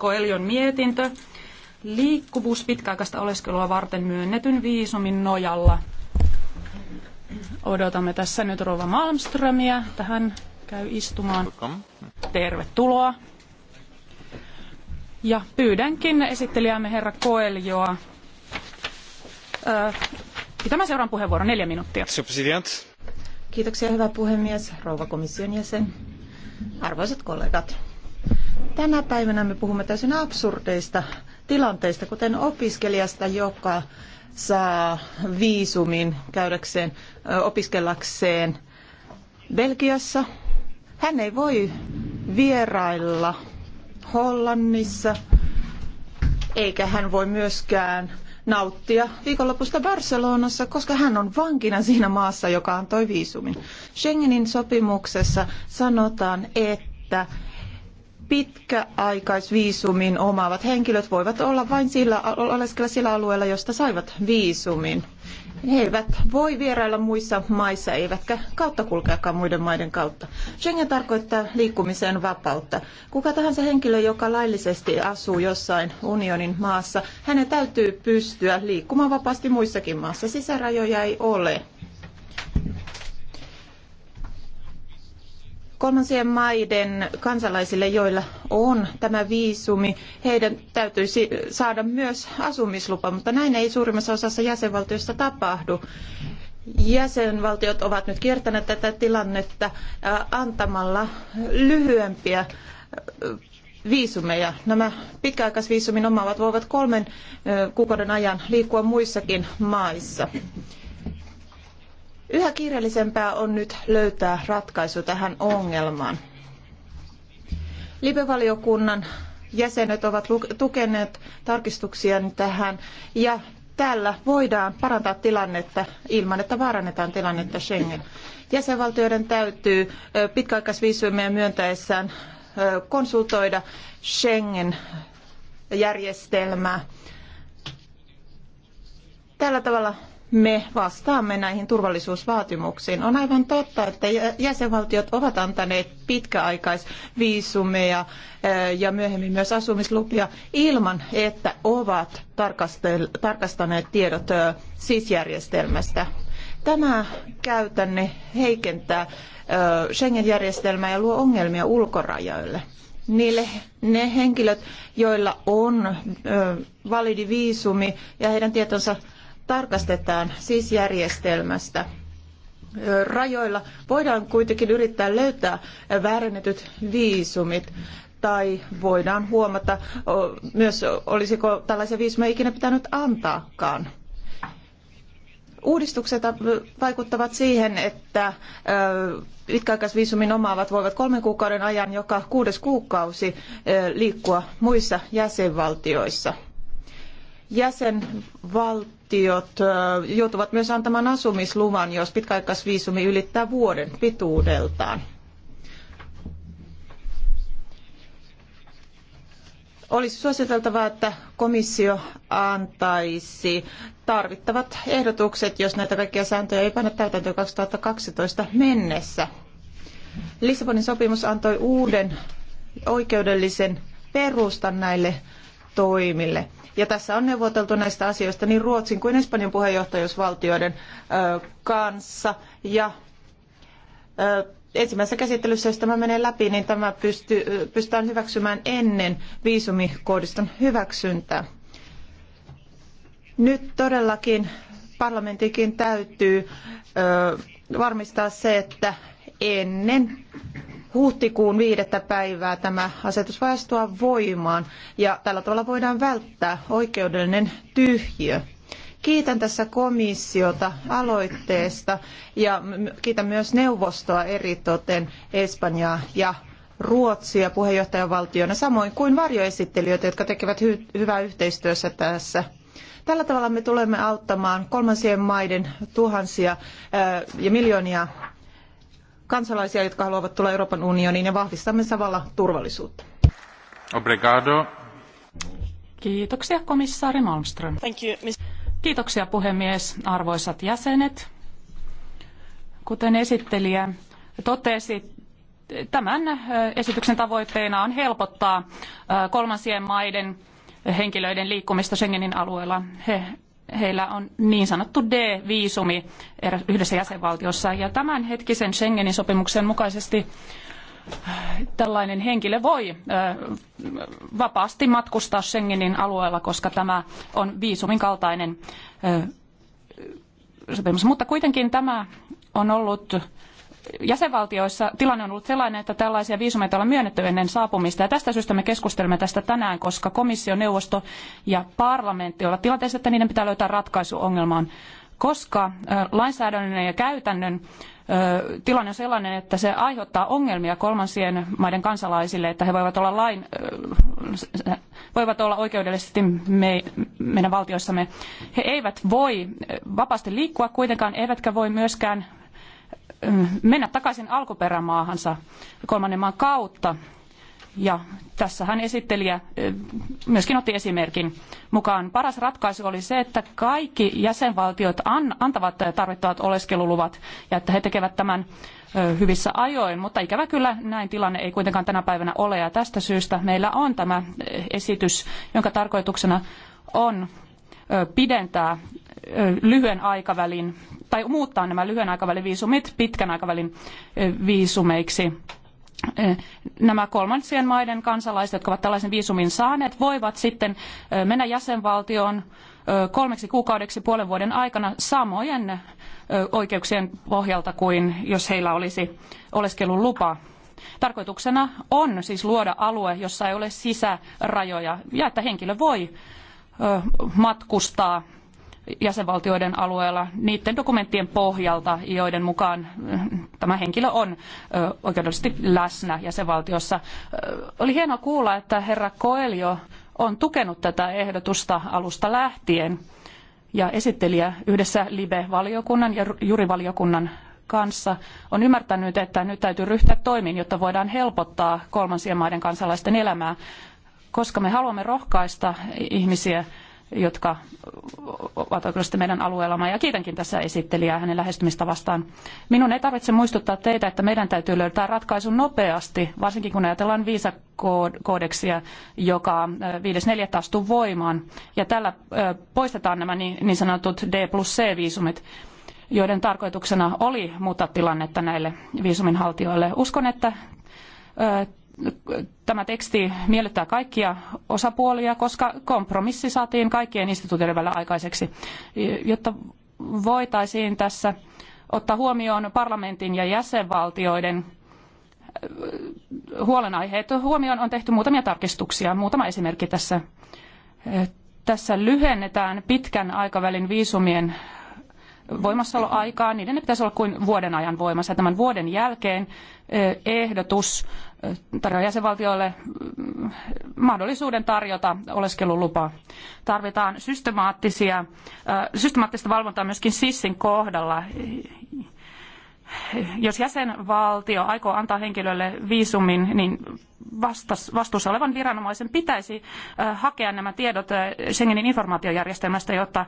Koeljon mietintö. Liikkuvuus pitkäaikaista oleskelua varten myönnetyn viisumin nojalla. Odotamme tässä nyt Rova Malmströmiä. Tähän käy istumaan. Tervetuloa. Ja pyydänkin esittelijämme herra Koeljoa pitämään seuraan puheenvuoro neljä minuuttia. Kiitoksia hyvä puhemies, rouva komission jäsen, arvoisat kollegat. Tänä päivänä me puhumme täysin absurdeista tilanteista, kuten opiskelijasta, joka saa viisumin käydäkseen opiskellakseen Belgiassa. Hän ei voi vierailla Hollannissa, eikä hän voi myöskään nauttia viikonlopusta Barcelonassa, koska hän on vankina siinä maassa, joka antoi viisumin. Schengenin sopimuksessa sanotaan, että pitkäaikaisviisumin omaavat henkilöt voivat olla vain sillä, oleskella sillä alueella, josta saivat viisumin. He eivät voi vierailla muissa maissa, eivätkä kautta kulkeakaan muiden maiden kautta. Schengen tarkoittaa liikkumiseen vapautta. Kuka tahansa henkilö, joka laillisesti asuu jossain unionin maassa, hänen täytyy pystyä liikkumaan vapaasti muissakin maissa. Sisärajoja ei ole. Kolmansien maiden kansalaisille, joilla on tämä viisumi, heidän täytyisi saada myös asumislupa, mutta näin ei suurimmassa osassa jäsenvaltioista tapahdu. Jäsenvaltiot ovat nyt kiertäneet tätä tilannetta antamalla lyhyempiä viisumeja. Nämä pitkäaikaisviisumin omaavat voivat kolmen kuukauden ajan liikkua muissakin maissa. Yhä kiireellisempää on nyt löytää ratkaisu tähän ongelmaan. Libevaliokunnan jäsenet ovat tukeneet tarkistuksia tähän ja tällä voidaan parantaa tilannetta ilman, että vaarannetaan tilannetta Schengen. Jäsenvaltioiden täytyy pitkäaikaisviisumia myöntäessään konsultoida Schengen-järjestelmää. Tällä tavalla me vastaamme näihin turvallisuusvaatimuksiin. On aivan totta, että jäsenvaltiot ovat antaneet pitkäaikaisviisumeja ja myöhemmin myös asumislupia ilman, että ovat tarkastaneet tiedot SIS-järjestelmästä. Tämä käytänne heikentää Schengen-järjestelmää ja luo ongelmia ulkorajoille niille ne henkilöt, joilla on validi viisumi ja heidän tietonsa tarkastetaan siis järjestelmästä rajoilla voidaan kuitenkin yrittää löytää väärennetyt viisumit tai voidaan huomata myös, olisiko tällaisia viisumeja ikinä pitänyt antaakaan. Uudistukset vaikuttavat siihen, että pitkäaikaisviisumin omaavat voivat kolmen kuukauden ajan joka kuudes kuukausi liikkua muissa jäsenvaltioissa. Jäsenvaltiot joutuvat myös antamaan asumisluvan, jos pitkäaikaisviisumi ylittää vuoden pituudeltaan. olisi suositeltavaa, että komissio antaisi tarvittavat ehdotukset, jos näitä kaikkia sääntöjä ei panna täytäntöön 2012 mennessä. Lissabonin sopimus antoi uuden oikeudellisen perustan näille toimille. Ja tässä on neuvoteltu näistä asioista niin Ruotsin kuin Espanjan puheenjohtajuusvaltioiden kanssa. Ja ensimmäisessä käsittelyssä, jos tämä menee läpi, niin tämä pysty, pystytään hyväksymään ennen viisumikoodiston hyväksyntää. Nyt todellakin parlamentikin täytyy varmistaa se, että ennen huhtikuun viidettä päivää tämä asetus voi astua voimaan ja tällä tavalla voidaan välttää oikeudellinen tyhjiö. Kiitän tässä komissiota aloitteesta ja kiitän myös neuvostoa eritoten Espanjaa ja Ruotsia puheenjohtajavaltiona, samoin kuin varjoesittelijöitä, jotka tekevät hy- hyvää yhteistyössä tässä. Tällä tavalla me tulemme auttamaan kolmansien maiden tuhansia ja miljoonia kansalaisia, jotka haluavat tulla Euroopan unioniin ja vahvistamme samalla turvallisuutta. Obrigado. Kiitoksia komissaari Malmström. Thank you, Kiitoksia puhemies, arvoisat jäsenet. Kuten esittelijä totesi, tämän esityksen tavoitteena on helpottaa kolmansien maiden henkilöiden liikkumista Schengenin alueella. He heillä on niin sanottu D-viisumi yhdessä jäsenvaltiossa. Ja tämänhetkisen Schengenin sopimuksen mukaisesti äh, tällainen henkilö voi äh, vapaasti matkustaa Schengenin alueella, koska tämä on viisumin kaltainen äh, sopimus. Mutta kuitenkin tämä on ollut jäsenvaltioissa tilanne on ollut sellainen, että tällaisia viisumeita on myönnetty ennen saapumista. Ja tästä syystä me keskustelemme tästä tänään, koska komissio, neuvosto ja parlamentti ovat tilanteessa, että niiden pitää löytää ratkaisu ongelmaan. Koska lainsäädännön ja käytännön tilanne on sellainen, että se aiheuttaa ongelmia kolmansien maiden kansalaisille, että he voivat olla, lain, voivat olla oikeudellisesti me, meidän valtioissamme. He eivät voi vapaasti liikkua kuitenkaan, eivätkä voi myöskään mennä takaisin alkuperämaahansa kolmannen maan kautta. Ja tässä hän esittelijä myöskin otti esimerkin mukaan. Paras ratkaisu oli se, että kaikki jäsenvaltiot antavat tarvittavat oleskeluluvat ja että he tekevät tämän hyvissä ajoin, mutta ikävä kyllä näin tilanne ei kuitenkaan tänä päivänä ole ja tästä syystä meillä on tämä esitys, jonka tarkoituksena on pidentää lyhyen aikavälin, tai muuttaa nämä lyhyen aikavälin viisumit pitkän aikavälin viisumeiksi. Nämä kolmansien maiden kansalaiset, jotka ovat tällaisen viisumin saaneet, voivat sitten mennä jäsenvaltioon kolmeksi kuukaudeksi puolen vuoden aikana samojen oikeuksien pohjalta kuin jos heillä olisi oleskelulupa. Tarkoituksena on siis luoda alue, jossa ei ole sisärajoja ja että henkilö voi matkustaa jäsenvaltioiden alueella niiden dokumenttien pohjalta, joiden mukaan mm, tämä henkilö on oikeudellisesti läsnä jäsenvaltiossa. Oli hienoa kuulla, että herra Koelio on tukenut tätä ehdotusta alusta lähtien ja esittelijä yhdessä LIBE-valiokunnan ja jurivaliokunnan kanssa on ymmärtänyt, että nyt täytyy ryhtyä toimiin, jotta voidaan helpottaa kolmansien maiden kansalaisten elämää, koska me haluamme rohkaista ihmisiä jotka ovat oikeasti meidän alueellamme. Ja kiitänkin tässä esittelijää hänen lähestymistavastaan. Minun ei tarvitse muistuttaa teitä, että meidän täytyy löytää ratkaisu nopeasti, varsinkin kun ajatellaan viisakoodeksia, joka 5.4. astuu voimaan. Ja tällä poistetaan nämä niin sanotut D plus C-viisumit joiden tarkoituksena oli muuttaa tilannetta näille viisuminhaltijoille Uskon, että tämä teksti miellyttää kaikkia osapuolia, koska kompromissi saatiin kaikkien instituutioiden välillä aikaiseksi, jotta voitaisiin tässä ottaa huomioon parlamentin ja jäsenvaltioiden äh, huolenaiheet. Huomioon on tehty muutamia tarkistuksia, muutama esimerkki tässä. Äh, tässä lyhennetään pitkän aikavälin viisumien voimassaoloaikaa, niiden ei pitäisi olla kuin vuoden ajan voimassa. Tämän vuoden jälkeen ehdotus tarjoaa jäsenvaltioille mahdollisuuden tarjota oleskelulupa. Tarvitaan systemaattisia, systemaattista valvontaa myöskin SISin kohdalla. Jos jäsenvaltio aikoo antaa henkilölle viisumin, niin vastas, vastuussa olevan viranomaisen pitäisi hakea nämä tiedot Schengenin informaatiojärjestelmästä, jotta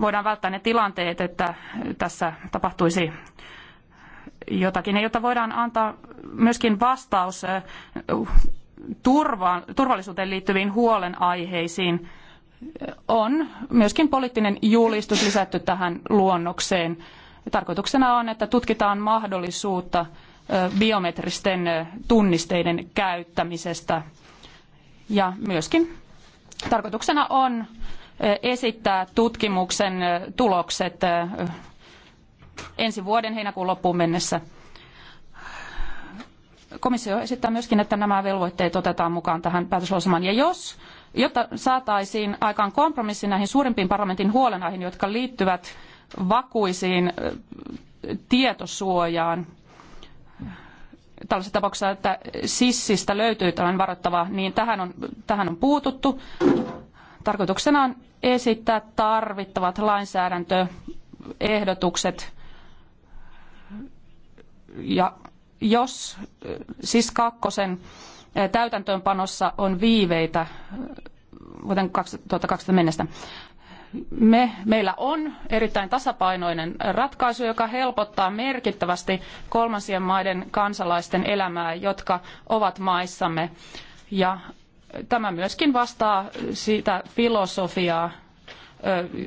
voidaan välttää ne tilanteet, että tässä tapahtuisi jotakin, ja jotta voidaan antaa myöskin vastaus turva, turvallisuuteen liittyviin huolenaiheisiin, on myöskin poliittinen julistus lisätty tähän luonnokseen. Tarkoituksena on, että tutkitaan mahdollisuutta biometristen tunnisteiden käyttämisestä. Ja myöskin tarkoituksena on esittää tutkimuksen tulokset ensi vuoden heinäkuun loppuun mennessä. Komissio esittää myöskin, että nämä velvoitteet otetaan mukaan tähän päätöslausumaan. Ja jos, jotta saataisiin aikaan kompromissi näihin suurimpiin parlamentin huolenaihin, jotka liittyvät vakuisiin tietosuojaan, tällaisessa tapauksessa, että sissistä löytyy tällainen varoittava, niin tähän on, tähän on puututtu. Tarkoituksena on esittää tarvittavat lainsäädäntöehdotukset ja jos siis kakkosen eh, täytäntöönpanossa on viiveitä eh, vuoden 2020 mennessä, me, meillä on erittäin tasapainoinen ratkaisu, joka helpottaa merkittävästi kolmansien maiden kansalaisten elämää, jotka ovat maissamme. Ja tämä myöskin vastaa sitä filosofiaa,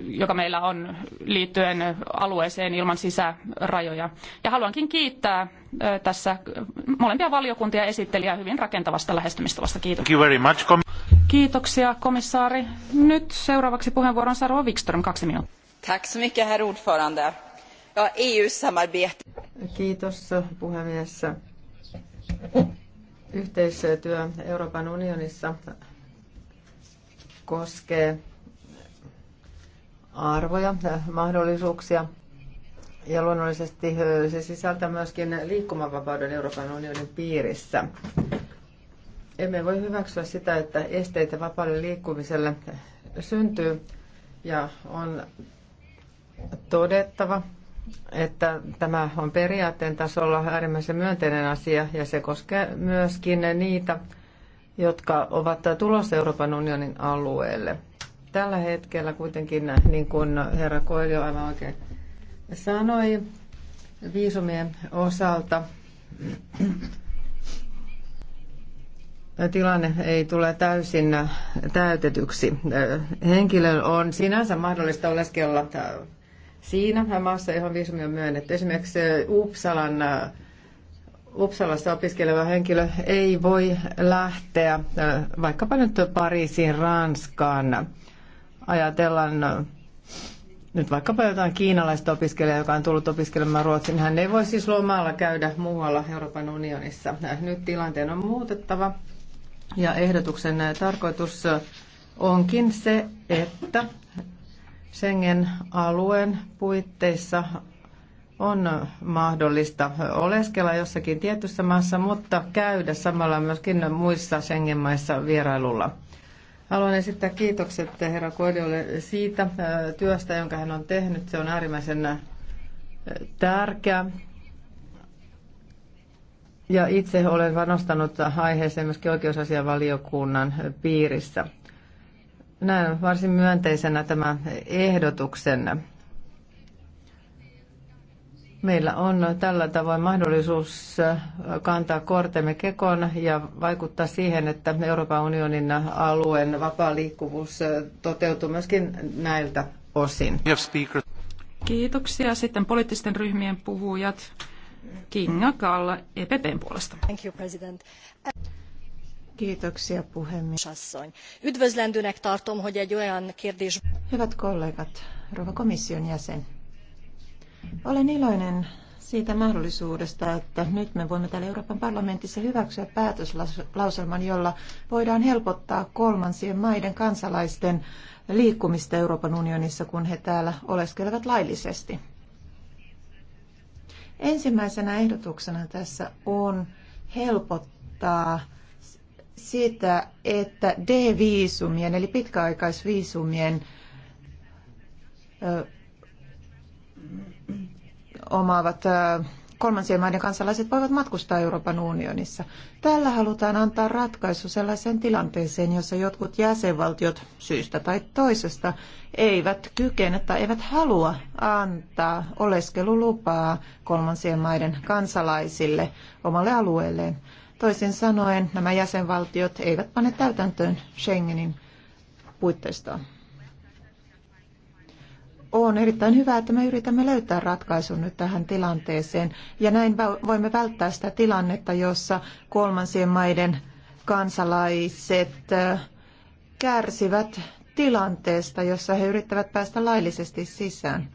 joka meillä on liittyen alueeseen ilman sisärajoja. Ja haluankin kiittää tässä molempia valiokuntia esittelijää hyvin rakentavasta lähestymistavasta. Kiitoksia. Kiitoksia komissaari. Nyt seuraavaksi puheenvuoron saa Wikström, kaksi minuuttia. Tack så mycket, herr ordförande. Ja, EU-samarbete. Kiitos puhemies. Yhteistyö Euroopan unionissa koskee arvoja, mahdollisuuksia ja luonnollisesti se sisältää myöskin liikkumavapauden Euroopan unionin piirissä. Emme voi hyväksyä sitä, että esteitä vapaalle liikkumiselle syntyy ja on todettava, että tämä on periaatteen tasolla äärimmäisen myönteinen asia ja se koskee myöskin niitä, jotka ovat tulossa Euroopan unionin alueelle. Tällä hetkellä kuitenkin, niin kuin herra Koilio aivan oikein sanoi, viisumien osalta tilanne ei tule täysin täytetyksi. Henkilön on sinänsä mahdollista oleskella siinä maassa, johon viisumi on myönnetty. Esimerkiksi Uppsalan, Uppsalassa opiskeleva henkilö ei voi lähteä vaikkapa nyt Pariisiin, Ranskaan. Ajatellaan nyt vaikkapa jotain kiinalaista opiskelijaa, joka on tullut opiskelemaan Ruotsin, hän ei voi siis lomalla käydä muualla Euroopan unionissa. Nyt tilanteen on muutettava ja ehdotuksen tarkoitus onkin se, että Schengen-alueen puitteissa on mahdollista oleskella jossakin tietyssä maassa, mutta käydä samalla myöskin muissa Schengen-maissa vierailulla. Haluan esittää kiitokset herra Koidiolle siitä työstä, jonka hän on tehnyt. Se on äärimmäisen tärkeä. Ja itse olen vanostanut aiheeseen myöskin oikeusasiavaliokunnan piirissä näen varsin myönteisenä tämän ehdotuksen. Meillä on tällä tavoin mahdollisuus kantaa kortemme kekon ja vaikuttaa siihen, että Euroopan unionin alueen vapaa liikkuvuus toteutuu myöskin näiltä osin. Kiitoksia. Sitten poliittisten ryhmien puhujat. Kinga Kalla EPPn puolesta. Thank you, President. Kiitoksia puhemies. Üdvözlendőnek tartom, hogy egy olyan kérdés... Hyvät kollegat, rouva komission jäsen. Olen iloinen siitä mahdollisuudesta, että nyt me voimme täällä Euroopan parlamentissa hyväksyä päätöslauselman, jolla voidaan helpottaa kolmansien maiden kansalaisten liikkumista Euroopan unionissa, kun he täällä oleskelevat laillisesti. Ensimmäisenä ehdotuksena tässä on helpottaa sitä, että D-viisumien eli pitkäaikaisviisumien ö, omaavat ö, kolmansien maiden kansalaiset voivat matkustaa Euroopan unionissa. Tällä halutaan antaa ratkaisu sellaiseen tilanteeseen, jossa jotkut jäsenvaltiot syystä tai toisesta eivät kykene tai eivät halua antaa oleskelulupaa kolmansien maiden kansalaisille omalle alueelleen. Toisin sanoen nämä jäsenvaltiot eivät pane täytäntöön Schengenin puitteista. On erittäin hyvä, että me yritämme löytää ratkaisun nyt tähän tilanteeseen ja näin voimme välttää sitä tilannetta, jossa kolmansien maiden kansalaiset kärsivät tilanteesta, jossa he yrittävät päästä laillisesti sisään.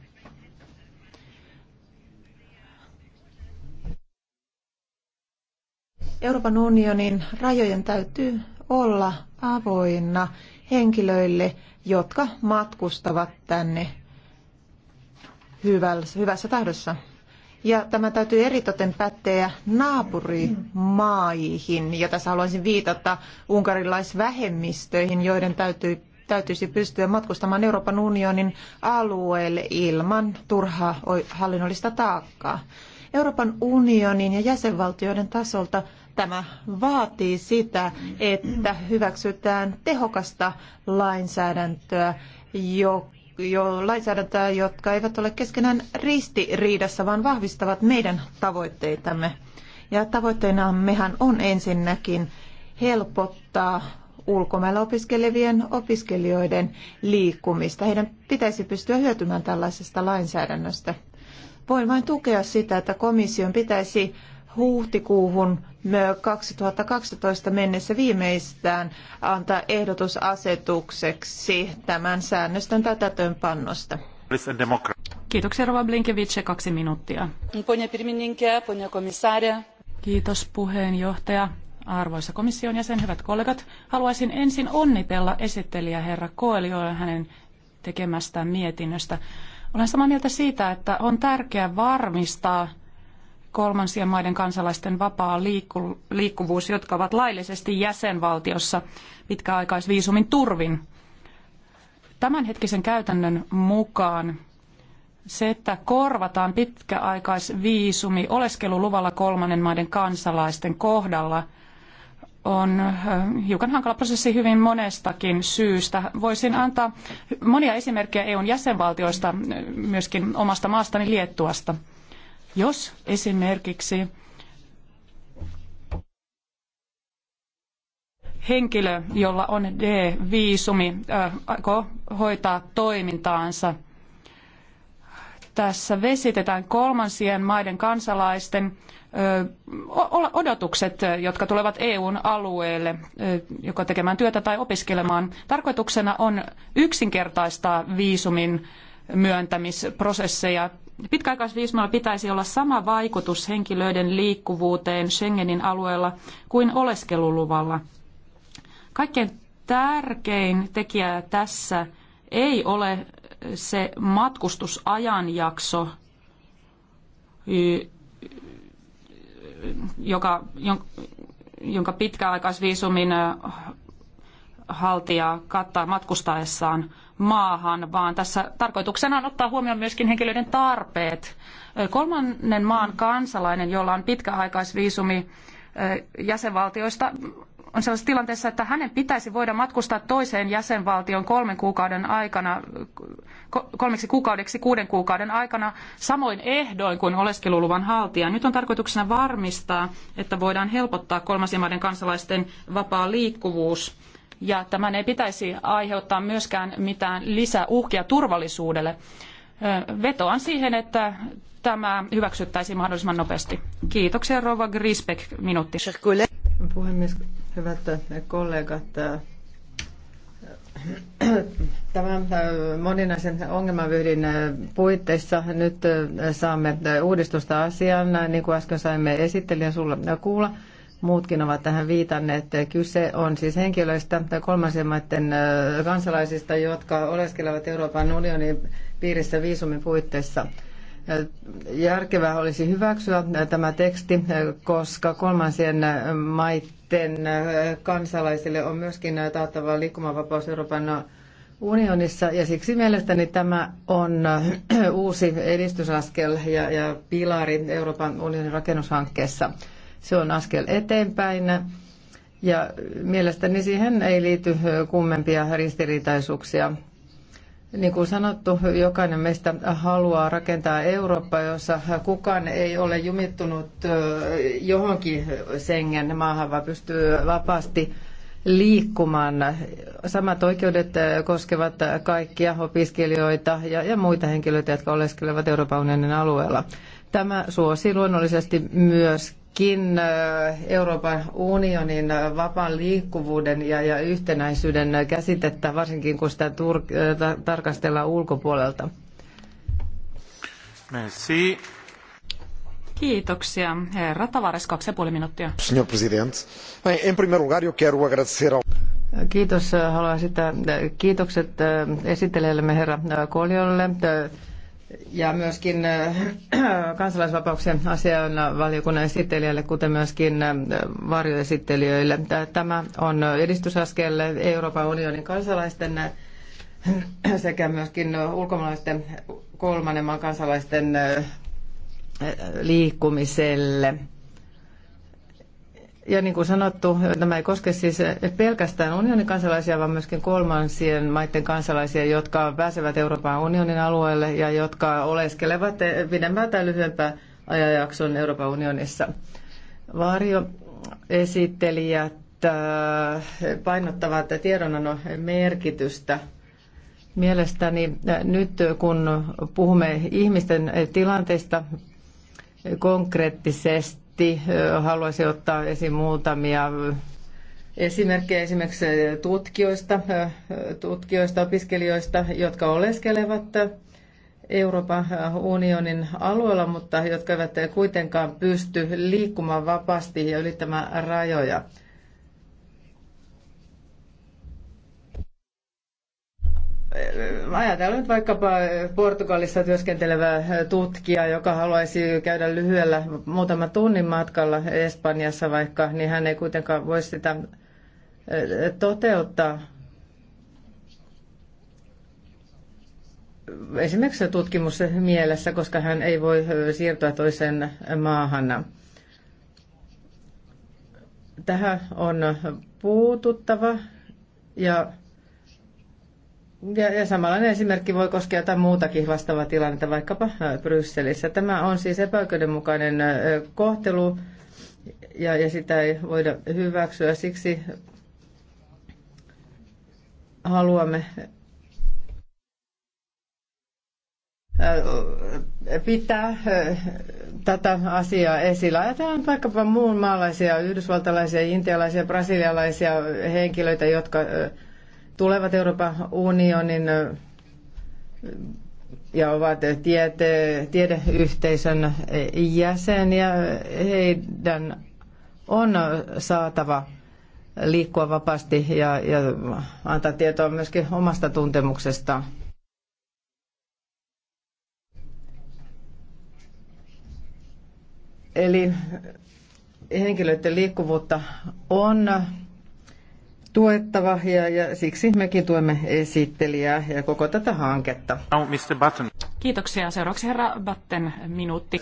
Euroopan unionin rajojen täytyy olla avoinna henkilöille, jotka matkustavat tänne hyvässä tahdossa. Ja tämä täytyy eritoten päteä naapurimaihin, ja tässä haluaisin viitata unkarilaisvähemmistöihin, joiden täytyy, täytyisi pystyä matkustamaan Euroopan unionin alueelle ilman turhaa hallinnollista taakkaa. Euroopan unionin ja jäsenvaltioiden tasolta Tämä vaatii sitä, että hyväksytään tehokasta lainsäädäntöä, jo, jo lainsäädäntöä, jotka eivät ole keskenään ristiriidassa, vaan vahvistavat meidän tavoitteitamme. Ja tavoitteena mehän on ensinnäkin helpottaa ulkomailla opiskelevien opiskelijoiden liikkumista. Heidän pitäisi pystyä hyötymään tällaisesta lainsäädännöstä. Voin vain tukea sitä, että komission pitäisi huhtikuuhun 2012 mennessä viimeistään antaa ehdotus asetukseksi tämän säännöstön täytäntöönpannosta. Kiitoksia Rova Blinkevice, kaksi minuuttia. Kiitos puheenjohtaja. Arvoisa komission jäsen, hyvät kollegat, haluaisin ensin onnitella esittelijä herra Koelioa hänen tekemästään mietinnöstä. Olen samaa mieltä siitä, että on tärkeää varmistaa kolmansien maiden kansalaisten vapaa liikkuvuus, jotka ovat laillisesti jäsenvaltiossa pitkäaikaisviisumin turvin. Tämänhetkisen käytännön mukaan se, että korvataan pitkäaikaisviisumi oleskeluluvalla kolmannen maiden kansalaisten kohdalla, on äh, hiukan hankala prosessi hyvin monestakin syystä. Voisin antaa monia esimerkkejä EUn jäsenvaltioista, äh, myöskin omasta maastani Liettuasta – jos esimerkiksi henkilö, jolla on D-viisumi, aikoo hoitaa toimintaansa. Tässä vesitetään kolmansien maiden kansalaisten odotukset, jotka tulevat EUn alueelle, joko tekemään työtä tai opiskelemaan. Tarkoituksena on yksinkertaistaa viisumin myöntämisprosesseja. Pitkäaikaisviisumilla pitäisi olla sama vaikutus henkilöiden liikkuvuuteen Schengenin alueella kuin oleskeluluvalla. Kaikkein tärkein tekijä tässä ei ole se matkustusajanjakso, joka, jonka pitkäaikaisviisumin haltijaa kattaa matkustaessaan maahan, vaan tässä tarkoituksena on ottaa huomioon myöskin henkilöiden tarpeet. Kolmannen maan kansalainen, jolla on pitkäaikaisviisumi jäsenvaltioista, on sellaisessa tilanteessa, että hänen pitäisi voida matkustaa toiseen jäsenvaltioon kolmen kuukauden aikana, kolmeksi kuukaudeksi kuuden kuukauden aikana samoin ehdoin kuin oleskeluluvan haltija. Nyt on tarkoituksena varmistaa, että voidaan helpottaa kolmansien maiden kansalaisten vapaa liikkuvuus ja tämän ei pitäisi aiheuttaa myöskään mitään lisäuhkia turvallisuudelle. Vetoan siihen, että tämä hyväksyttäisiin mahdollisimman nopeasti. Kiitoksia Rova Grisbeck, minuutti. Puhemies, hyvät kollegat, Tämän moninaisen ongelmavyhdin puitteissa nyt saamme uudistusta asiaan, niin kuin äsken saimme esittelijän sulla kuulla muutkin ovat tähän viitanneet. Kyse on siis henkilöistä tai kolmansien maiden kansalaisista, jotka oleskelevat Euroopan unionin piirissä viisumin puitteissa. Järkevää olisi hyväksyä tämä teksti, koska kolmansien maiden kansalaisille on myöskin taattava liikkumavapaus Euroopan unionissa ja siksi mielestäni tämä on uusi edistysaskel ja, ja pilari Euroopan unionin rakennushankkeessa. Se on askel eteenpäin ja mielestäni siihen ei liity kummempia ristiriitaisuuksia. Niin kuin sanottu, jokainen meistä haluaa rakentaa Eurooppaa, jossa kukaan ei ole jumittunut johonkin sengen maahan, vaan pystyy vapaasti liikkumaan. Samat oikeudet koskevat kaikkia opiskelijoita ja, ja muita henkilöitä, jotka oleskelevat Euroopan unionin alueella. Tämä suosi luonnollisesti myös Kuitenkin Euroopan unionin vapaan liikkuvuuden ja, ja yhtenäisyyden käsitettä, varsinkin kun sitä tur- ta- tarkastellaan ulkopuolelta. Merci. Kiitoksia. Herra Tavares, kaksi ja puoli minuuttia. Senhor Presidente, en em primeiro lugar eu quero agradecer ao... Kiitos. Haluan sitä kiitokset esittelijällemme herra Koljolle ja myöskin äh, kansalaisvapauksien asian valiokunnan esittelijälle, kuten myöskin äh, varjoesittelijöille. Tämä on edistysaskel Euroopan unionin kansalaisten äh, sekä myöskin ulkomaalaisten kolmannen maan kansalaisten liikkumiselle. Ja niin kuin sanottu, tämä ei koske siis pelkästään unionin kansalaisia, vaan myöskin kolmansien maiden kansalaisia, jotka pääsevät Euroopan unionin alueelle ja jotka oleskelevat pidemmän tai lyhyempään ajanjakson Euroopan unionissa. Varjoesittelijät äh, painottavat tiedonannon merkitystä. Mielestäni äh, nyt kun puhumme ihmisten tilanteista konkreettisesti, lyhyesti haluaisin ottaa esiin muutamia esimerkkejä esimerkiksi tutkijoista, tutkijoista, opiskelijoista, jotka oleskelevat Euroopan unionin alueella, mutta jotka eivät kuitenkaan pysty liikkumaan vapaasti ja ylittämään rajoja. Äh, ajatellaan nyt vaikkapa äh, Portugalissa työskentelevää äh, tutkijaa, joka haluaisi käydä lyhyellä muutaman tunnin matkalla Espanjassa vaikka, niin hän ei kuitenkaan voi sitä toteuttaa. Esimerkiksi tutkimus mielessä, koska hän ei voi siirtyä toiseen maahan. Tähän on puututtava ja ja, ja samanlainen esimerkki voi koskea jotain muutakin vastaavaa tilannetta, vaikkapa Brysselissä. Tämä on siis epäoikeudenmukainen kohtelu ja, ja sitä ei voida hyväksyä. Siksi haluamme pitää tätä asiaa esillä. Ajatellaan vaikkapa muun maalaisia, yhdysvaltalaisia, intialaisia, brasilialaisia henkilöitä, jotka tulevat Euroopan unionin ja ovat tiete, tiedeyhteisön jäseniä. Heidän on saatava liikkua vapaasti ja, ja antaa tietoa myöskin omasta tuntemuksestaan. Eli henkilöiden liikkuvuutta on tuettava ja, ja siksi mekin tuemme esittelijää ja koko tätä hanketta. Now, Mr. Button. Kiitoksia. Seuraavaksi herra Batten minuutti.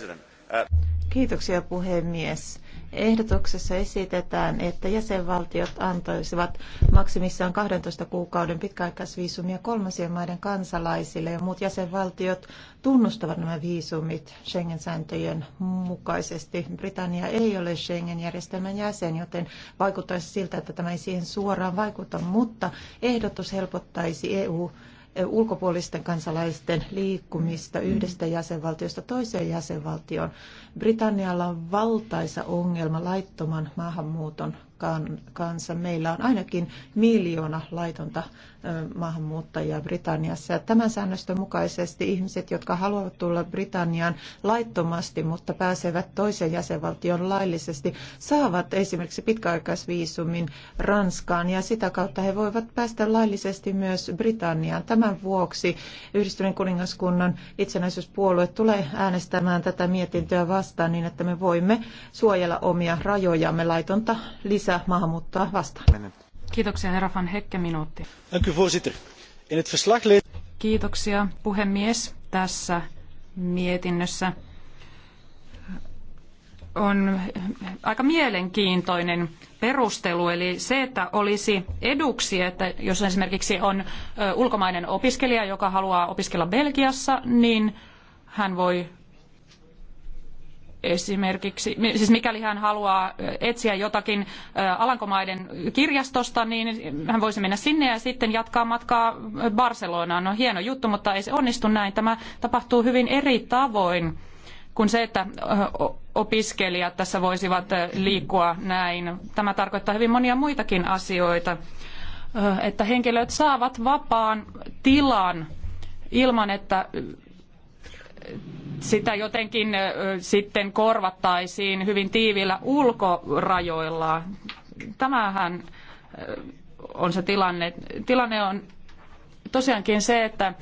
Kiitoksia puhemies. Ehdotuksessa esitetään, että jäsenvaltiot antaisivat maksimissaan 12 kuukauden pitkäaikaisviisumia kolmansien maiden kansalaisille ja muut jäsenvaltiot tunnustavat nämä viisumit Schengen-sääntöjen mukaisesti. Britannia ei ole Schengen-järjestelmän jäsen, joten vaikuttaisi siltä, että tämä ei siihen suoraan vaikuta, mutta ehdotus helpottaisi EU- ulkopuolisten kansalaisten liikkumista yhdestä jäsenvaltiosta toiseen jäsenvaltioon. Britannialla on valtaisa ongelma laittoman maahanmuuton kanssa. Meillä on ainakin miljoona laitonta maahanmuuttajia Britanniassa. Tämän säännöstön mukaisesti ihmiset, jotka haluavat tulla Britanniaan laittomasti, mutta pääsevät toisen jäsenvaltion laillisesti, saavat esimerkiksi pitkäaikaisviisumin Ranskaan ja sitä kautta he voivat päästä laillisesti myös Britanniaan. Tämän vuoksi Yhdistyneen kuningaskunnan itsenäisyyspuolue tulee äänestämään tätä mietintöä vastaan niin, että me voimme suojella omia rajojamme laitonta lisää yhdessä maahanmuuttoa vastaan. Kiitoksia, herra Van Hekke, minuutti. Kiitoksia, puhemies. Tässä mietinnössä on aika mielenkiintoinen perustelu, eli se, että olisi eduksi, että jos esimerkiksi on ulkomainen opiskelija, joka haluaa opiskella Belgiassa, niin hän voi esimerkiksi, siis mikäli hän haluaa etsiä jotakin Alankomaiden kirjastosta, niin hän voisi mennä sinne ja sitten jatkaa matkaa Barcelonaan. No hieno juttu, mutta ei se onnistu näin. Tämä tapahtuu hyvin eri tavoin kuin se, että opiskelijat tässä voisivat liikkua näin. Tämä tarkoittaa hyvin monia muitakin asioita, että henkilöt saavat vapaan tilan ilman, että sitä jotenkin sitten korvattaisiin hyvin tiivillä ulkorajoilla. Tämähän on se tilanne. Tilanne on tosiaankin se, että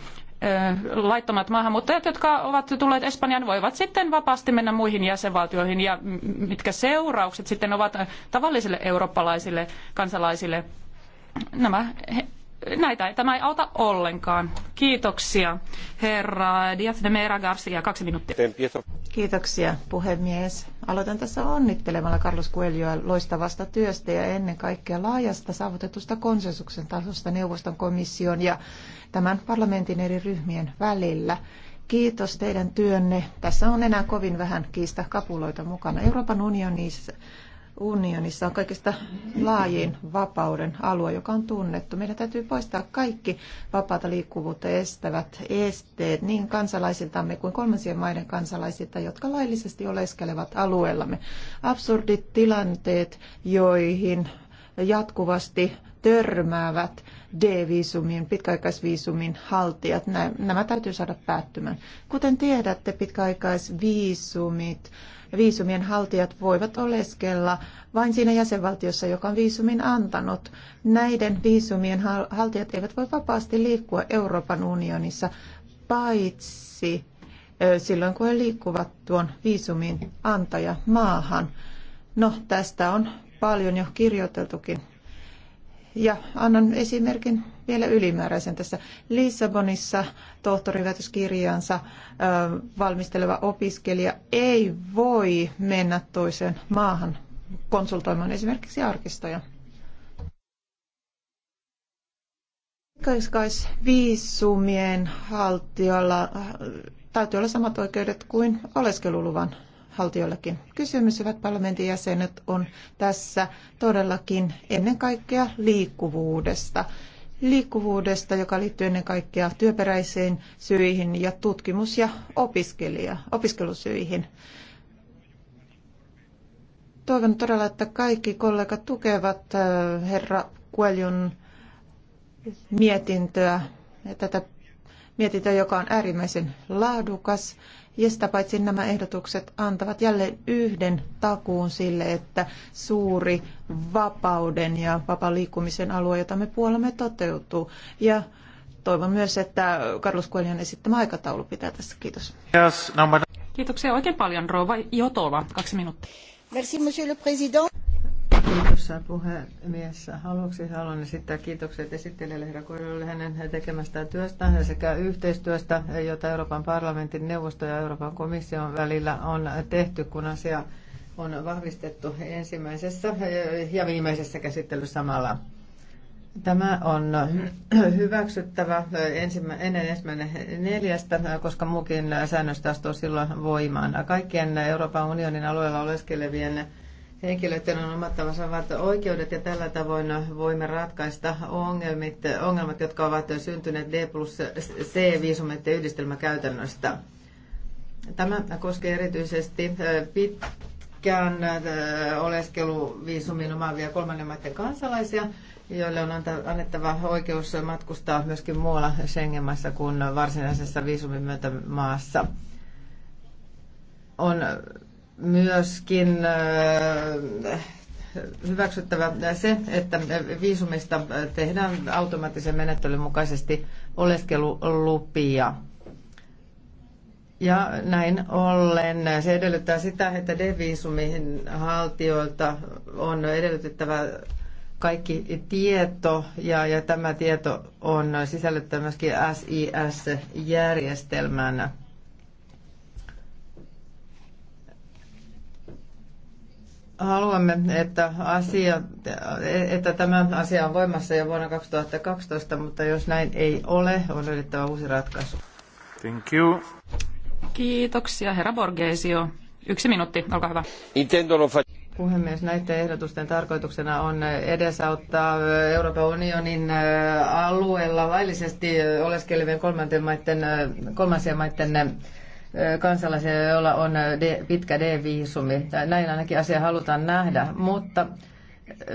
laittomat maahanmuuttajat, jotka ovat tulleet Espanjaan, voivat sitten vapaasti mennä muihin jäsenvaltioihin ja mitkä seuraukset sitten ovat tavallisille eurooppalaisille kansalaisille. Nämä, näitä tämä ei auta ollenkaan. Kiitoksia, herra Diaz de Mera Garcia. Kaksi minuuttia. Kiitoksia, puhemies. Aloitan tässä onnittelemalla Carlos Coelhoa loistavasta työstä ja ennen kaikkea laajasta saavutetusta konsensuksen tasosta neuvoston komission ja tämän parlamentin eri ryhmien välillä. Kiitos teidän työnne. Tässä on enää kovin vähän kiistä kapuloita mukana. Euroopan unionissa unionissa on kaikista laajin vapauden alue, joka on tunnettu. Meidän täytyy poistaa kaikki vapaata liikkuvuutta estävät esteet niin kansalaisiltamme kuin kolmansien maiden kansalaisilta, jotka laillisesti oleskelevat alueellamme. Absurdit tilanteet, joihin jatkuvasti törmäävät D-viisumin, pitkäaikaisviisumin haltijat. Nämä täytyy saada päättymään. Kuten tiedätte, pitkäaikaisviisumit viisumien haltijat voivat oleskella vain siinä jäsenvaltiossa, joka on viisumin antanut. Näiden viisumien haltijat eivät voi vapaasti liikkua Euroopan unionissa, paitsi silloin kun he liikkuvat tuon viisumin antaja maahan. No, tästä on paljon jo kirjoiteltukin ja annan esimerkin vielä ylimääräisen tässä. Lissabonissa tohtoriväitöskirjansa valmisteleva opiskelija ei voi mennä toiseen maahan konsultoimaan esimerkiksi arkistoja. Viisumien haltijalla täytyy olla samat oikeudet kuin oleskeluluvan haltijoillakin. Kysymys, hyvät parlamentin jäsenet, on tässä todellakin ennen kaikkea liikkuvuudesta. Liikkuvuudesta, joka liittyy ennen kaikkea työperäisiin syihin ja tutkimus- ja opiskelija, opiskelusyihin. Toivon todella, että kaikki kollegat tukevat äh, herra Kueljon mietintöä, tätä mietintöä, joka on äärimmäisen laadukas ja sitä paitsi nämä ehdotukset antavat jälleen yhden takuun sille, että suuri vapauden ja vapaan liikkumisen alue, jota me puolamme toteutuu. Ja toivon myös, että Carlos Coelion esittämä aikataulu pitää tässä. Kiitos. Kiitoksia oikein paljon, Rova Jotova. Kaksi minuuttia. Merci, monsieur le président. Kiitos puhemies. haluksi haluan esittää kiitokset esittelijälle herra Korjolle hänen tekemästään työstään sekä yhteistyöstä, jota Euroopan parlamentin neuvosto ja Euroopan komission välillä on tehty, kun asia on vahvistettu ensimmäisessä ja viimeisessä käsittelyssä samalla. Tämä on hyväksyttävä ensimmä, ennen ensimmäinen neljästä, koska muukin säännöstä astuu silloin voimaan. Kaikkien Euroopan unionin alueella oleskelevien henkilöiden on omattava samat oikeudet ja tällä tavoin voimme ratkaista ongelmit, ongelmat jotka ovat syntyneet D plus C viisumeiden yhdistelmäkäytännöstä. Tämä koskee erityisesti pitkään oleskeluviisumin omaavia kolmannen maiden kansalaisia, joille on annettava oikeus matkustaa myöskin muualla Schengen-maassa kuin varsinaisessa viisumin myötä maassa. On myöskin äh, hyväksyttävä se, että viisumista tehdään automaattisen menettelyn mukaisesti oleskelulupia. Ja näin ollen se edellyttää sitä, että D-viisumin haltijoilta on edellytettävä kaikki tieto ja, ja tämä tieto on sisällyttävä myöskin SIS-järjestelmään. haluamme, että, asia, että tämä asia on voimassa jo vuonna 2012, mutta jos näin ei ole, on löydettävä uusi ratkaisu. Thank you. Kiitoksia, herra Borgesio. Yksi minuutti, olkaa hyvä. Puhemies, näiden ehdotusten tarkoituksena on edesauttaa Euroopan unionin äh, alueella laillisesti äh, oleskelevien kolmansien maiden, äh, kolmansien maiden kansalaisia, joilla on pitkä D-viisumi. Näin ainakin asia halutaan nähdä, mutta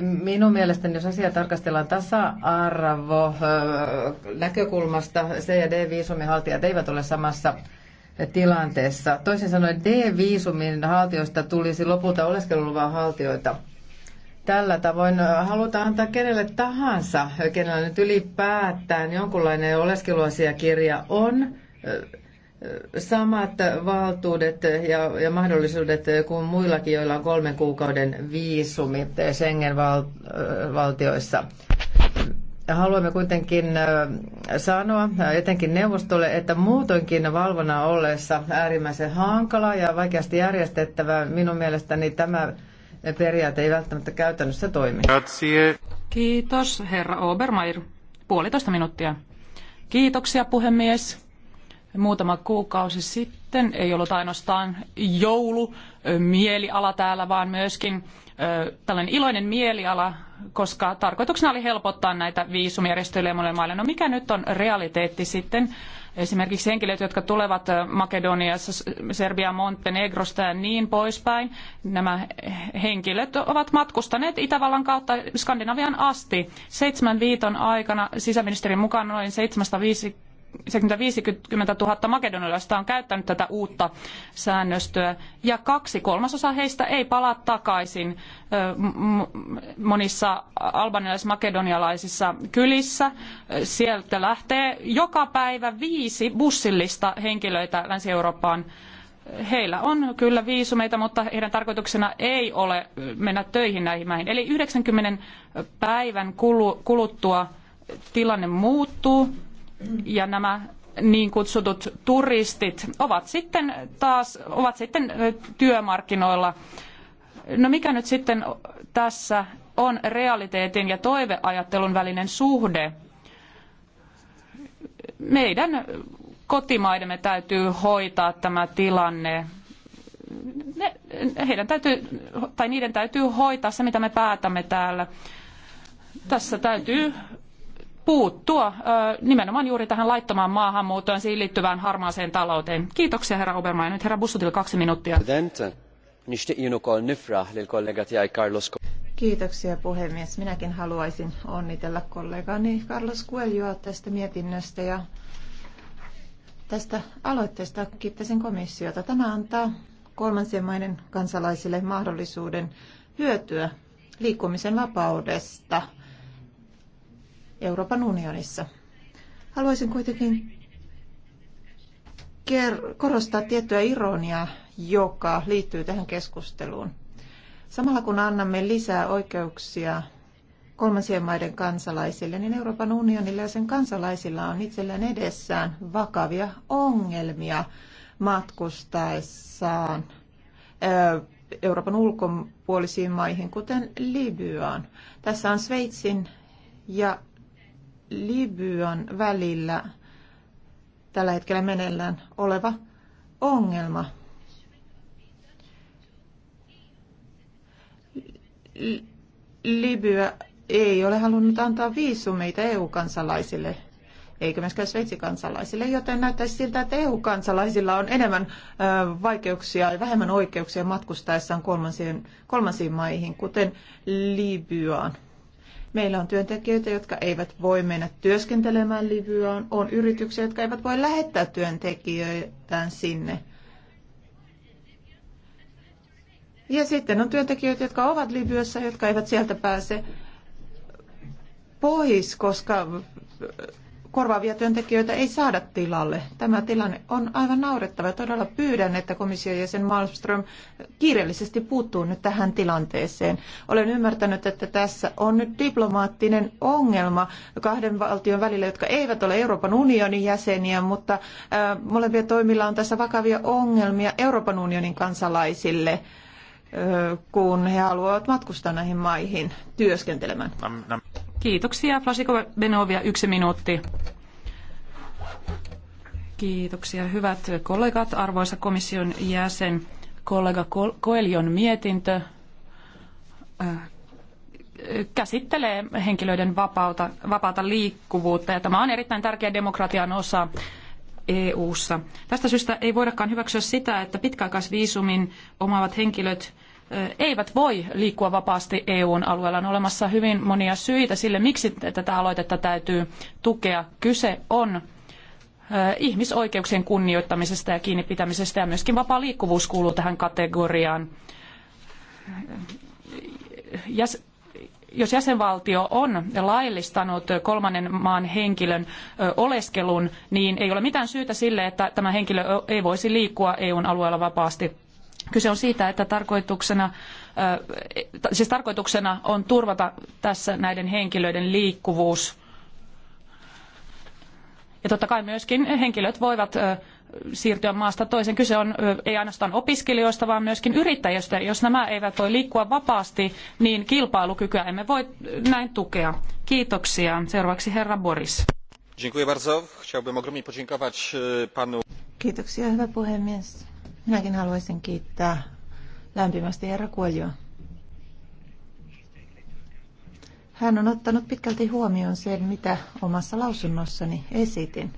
Minun mielestäni, jos asiaa tarkastellaan tasa-arvo näkökulmasta, C- ja d viisumihaltijat eivät ole samassa tilanteessa. Toisin sanoen D-viisumin haltijoista tulisi lopulta oleskeluluvan haltijoita. Tällä tavoin halutaan antaa kenelle tahansa, kenellä nyt ylipäätään jonkunlainen oleskeluasiakirja on, samat valtuudet ja, ja mahdollisuudet kuin muillakin, joilla on kolmen kuukauden viisumi Schengen-valtioissa. Haluamme kuitenkin sanoa etenkin neuvostolle, että muutoinkin valvona ollessa äärimmäisen hankala ja vaikeasti järjestettävä. Minun mielestäni tämä periaate ei välttämättä käytännössä toimi. Kiitos, herra Obermeier. Puolitoista minuuttia. Kiitoksia, puhemies muutama kuukausi sitten ei ollut ainoastaan joulu, mieliala täällä, vaan myöskin tällainen iloinen mieliala, koska tarkoituksena oli helpottaa näitä viisumijärjestelyjä monille maille. No mikä nyt on realiteetti sitten? Esimerkiksi henkilöt, jotka tulevat Makedoniassa, Serbia, Montenegrosta ja niin poispäin, nämä henkilöt ovat matkustaneet Itävallan kautta Skandinavian asti. Seitsemän viiton aikana sisäministerin mukaan noin 750 750 000 makedonilaista on käyttänyt tätä uutta säännöstöä ja kaksi kolmasosaa heistä ei palaa takaisin monissa albanialais makedonialaisissa kylissä. Sieltä lähtee joka päivä viisi bussillista henkilöitä Länsi-Eurooppaan heillä on kyllä viisumeita, mutta heidän tarkoituksena ei ole mennä töihin näihin maihin. Eli 90 päivän kuluttua tilanne muuttuu ja nämä niin kutsutut turistit ovat sitten taas ovat sitten työmarkkinoilla. No mikä nyt sitten tässä on realiteetin ja toiveajattelun välinen suhde? Meidän kotimaidemme täytyy hoitaa tämä tilanne. Ne, heidän täytyy, tai niiden täytyy hoitaa se, mitä me päätämme täällä. Tässä täytyy puuttua nimenomaan juuri tähän laittomaan maahanmuuttoon, siihen liittyvään harmaaseen talouteen. Kiitoksia herra Obermain. Nyt herra Bussutil kaksi minuuttia. Kiitoksia puhemies. Minäkin haluaisin onnitella kollegani Carlos Coelhoa tästä mietinnöstä ja tästä aloitteesta kiittäisin komissiota. Tämä antaa kolmansien maiden kansalaisille mahdollisuuden hyötyä liikkumisen vapaudesta – Euroopan unionissa. Haluaisin kuitenkin korostaa tiettyä ironiaa, joka liittyy tähän keskusteluun. Samalla kun annamme lisää oikeuksia kolmansien maiden kansalaisille, niin Euroopan unionilla ja sen kansalaisilla on itsellään edessään vakavia ongelmia matkustaessaan Euroopan ulkopuolisiin maihin, kuten Libyaan. Tässä on Sveitsin ja Libyan välillä tällä hetkellä meneillään oleva ongelma. Libya ei ole halunnut antaa viisumeita EU-kansalaisille, eikä myöskään Sveitsi-kansalaisille, joten näyttäisi siltä, että EU-kansalaisilla on enemmän vaikeuksia ja vähemmän oikeuksia matkustaessaan kolmansiin, kolmansiin maihin, kuten Libyaan. Meillä on työntekijöitä, jotka eivät voi mennä työskentelemään Libyaan. On yrityksiä, jotka eivät voi lähettää työntekijöitään sinne. Ja sitten on työntekijöitä, jotka ovat Libyassa, jotka eivät sieltä pääse pois, koska korvaavia työntekijöitä ei saada tilalle. Tämä tilanne on aivan naurettava. Todella pyydän, että komission jäsen Malmström kiireellisesti puuttuu nyt tähän tilanteeseen. Olen ymmärtänyt, että tässä on nyt diplomaattinen ongelma kahden valtion välillä, jotka eivät ole Euroopan unionin jäseniä, mutta äh, molempia toimilla on tässä vakavia ongelmia Euroopan unionin kansalaisille äh, kun he haluavat matkustaa näihin maihin työskentelemään. Kiitoksia. Flasiko Benovia, yksi minuutti. Kiitoksia. Hyvät kollegat, arvoisa komission jäsen, kollega Koelion mietintö äh, käsittelee henkilöiden vapauta, vapaata liikkuvuutta ja tämä on erittäin tärkeä demokratian osa EU:ssa. Tästä syystä ei voidakaan hyväksyä sitä, että pitkäaikaisviisumin omaavat henkilöt eivät voi liikkua vapaasti EUn alueella. On olemassa hyvin monia syitä sille, miksi tätä aloitetta täytyy tukea. Kyse on ihmisoikeuksien kunnioittamisesta ja kiinni pitämisestä ja myöskin vapaa liikkuvuus kuuluu tähän kategoriaan. Jos jäsenvaltio on laillistanut kolmannen maan henkilön oleskelun, niin ei ole mitään syytä sille, että tämä henkilö ei voisi liikkua EUn alueella vapaasti. Kyse on siitä, että tarkoituksena, siis tarkoituksena on turvata tässä näiden henkilöiden liikkuvuus. Ja totta kai myöskin henkilöt voivat siirtyä maasta toiseen. Kyse on ei ainoastaan opiskelijoista, vaan myöskin yrittäjistä. Jos nämä eivät voi liikkua vapaasti, niin kilpailukykyä emme voi näin tukea. Kiitoksia. Seuraavaksi herra Boris. Dziękuję bardzo. Chciałbym podziękować panu. Kiitoksia, hyvä puhemies. Minäkin haluaisin kiittää lämpimästi herra Kuoljoa. Hän on ottanut pitkälti huomioon sen, mitä omassa lausunnossani esitin.